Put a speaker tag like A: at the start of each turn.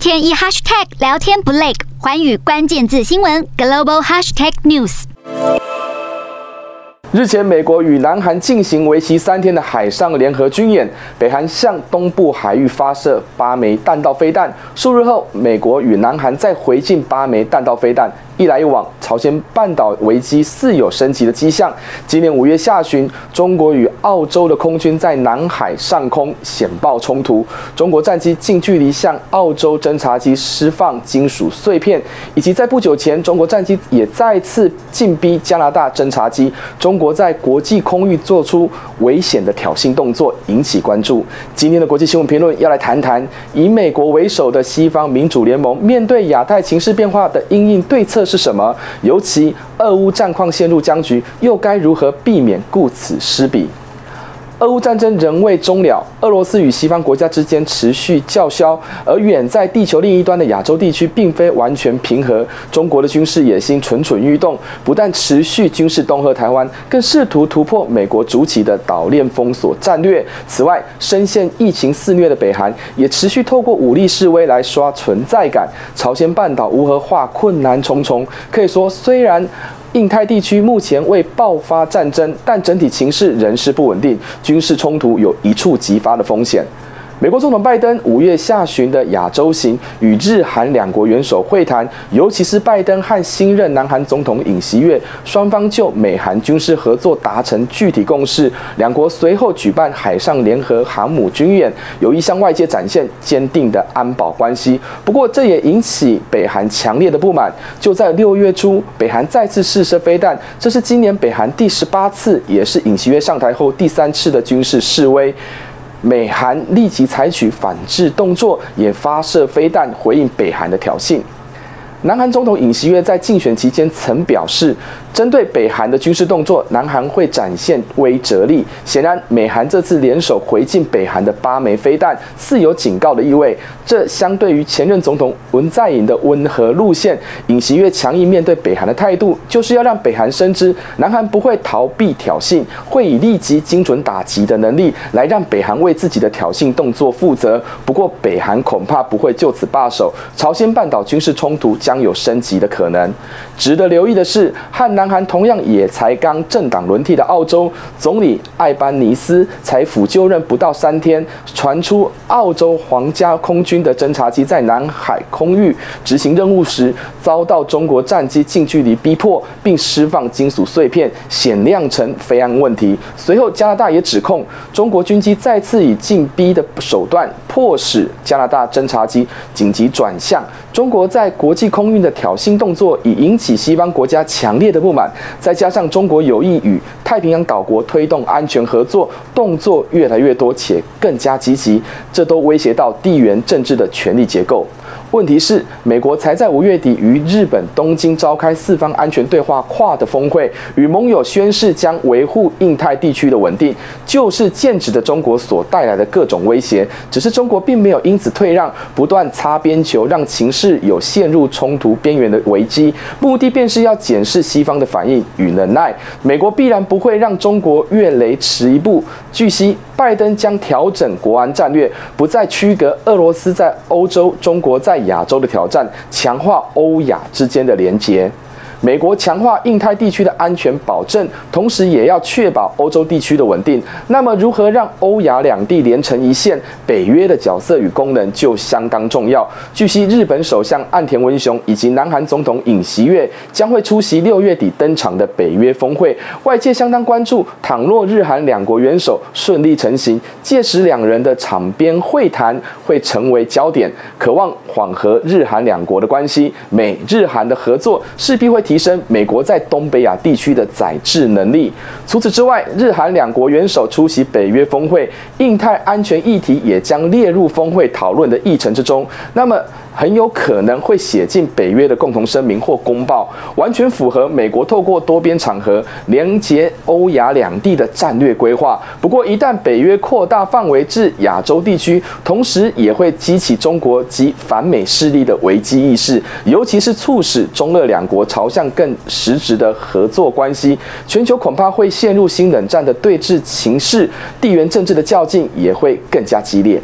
A: 天一 hashtag 聊天不累，寰宇關鍵字新聞 global hashtag news。Has new 日前，美國與南韓進行為期三天的海上聯合軍演，北韓向東部海域發射八枚彈道飛彈。數日後，美國與南韓再回敬八枚彈道飛彈。一來一往，朝鮮半島危機似有升級的跡象。今年五月下旬，中國與澳洲的空軍在南海上空險爆衝突，中國戰機近距離向澳洲偵察機釋放金屬碎片，以及在不久前，中國戰機也再次進逼加拿大偵察機。中國在國際空域做出危險的挑釁動作，引起關注。今天的國際新聞評論要來談談，以美國為首的西方民主聯盟面對亞太情勢變化的因應對策是什麼？尤其俄烏戰況陷入僵局，又該如何避免顧此失彼？俄烏戰爭仍未終了，俄羅斯與西方國家之間持續叫囂，而遠在地球另一端的亞洲地區並非完全平和。中國的軍事野心蠢蠢欲動，不但持續軍事恫嚇臺灣，更試圖突破美國主導的島鏈封鎖戰略。此外，深陷疫情肆虐的北韓也持續透過武力示威來刷存在感。朝鮮半島無核化困難重重，可以說，雖然。印太地區目前未爆發戰爭，但整體情勢仍是不穩定，軍事衝突有一觸即發的風險。美國總統拜登五月下旬的亞洲行與日韓兩國元首會談，尤其是拜登和新任南韓總統尹錫悅。雙方就美韓軍事合作達成具體共識。兩國隨後舉辦海上聯合航母軍演，有意向外界展現堅定的安保關係。不過，這也引起北韓強烈的不滿。就在六月初，北韓再次試射飛彈，這是今年北韓第十八次，也是尹錫悅上台後第三次的軍事示威。美韓立即採取反制動作，也發射飛彈回應北韓的挑釁。南韓總統尹錫悅在競選期間曾表示，針對北韓的軍事動作，南韓會展現威懾力。顯然，美韓這次聯手回敬北韓的八枚飛彈，似有警告的意味。這相對於前任總統文在寅的溫和路線，尹錫悅強硬面對北韓的態度，就是要讓北韓深知南韓不會逃避挑釁，會以立即精準打擊的能力來讓北韓為自己的挑釁動作負責。不過，北韓恐怕不會就此罷手，朝鮮半島軍事衝突將將有升級的可能。值得留意的是，和南韓同樣也才剛政黨輪替的澳洲總理艾班尼斯，才甫就任不到三天，傳出澳洲皇家空軍的偵察機在南海空域執行任務時，遭到中國戰機近距離逼迫，並釋放金屬碎片，險釀成飛安問題。隨後，加拿大也指控中國軍機再次以進逼的手段。迫使加拿大偵察機緊急轉向。中國在國際空運的挑釁動作已引起西方國家強烈的不滿，再加上中國有意與太平洋島國推動安全合作，動作越來越多且更加積極，這都威脅到地緣政治的權力結構。問題是，美國才在五月底於日本東京召開四方安全對話 Quad 的峰會，與盟友宣誓將維護印太地區的穩定，就是劍指的中國所帶來的各種威脅。只是中國並沒有因此退讓，不斷擦邊球，讓情勢有陷入衝突邊緣的危機，目的便是要檢視西方的反應與能耐。美國必然不會讓中國越雷池一步。據悉，拜登將調整國安戰略，不再區隔俄羅斯在歐洲、中國在亞洲的挑戰，強化歐亞之間的連接。美國強化印太地區的安全保證，同時也要確保歐洲地區的穩定。那麼，如何讓歐亞兩地連成一線？北約的角色與功能就相當重要。據悉，日本首相岸田文雄以及南韓總統尹錫悅將會出席六月底登場的北約峰會。外界相當關注，倘若日韓兩國元首順利成行，屆時兩人的場邊會談會成為焦點，渴望緩和日韓兩國的關係。美日韓的合作勢必會。提升美國在東北亞地區的宰制能力。除此之外，日韓兩國元首出席北約峰會，印太安全議題也將列入峰會討論的議程之中。那麼，很有可能會寫進北約的共同聲明或公報，完全符合美國透過多邊場合連接歐亞兩地的戰略規劃。不過，一旦北約擴大範圍至亞洲地區，同時也會激起中國及反美勢力的危機意識，尤其是促使中俄兩國朝向更實質的合作關係。全球恐怕會陷入新冷戰的對峙情勢，地緣政治的較勁也會更加激烈。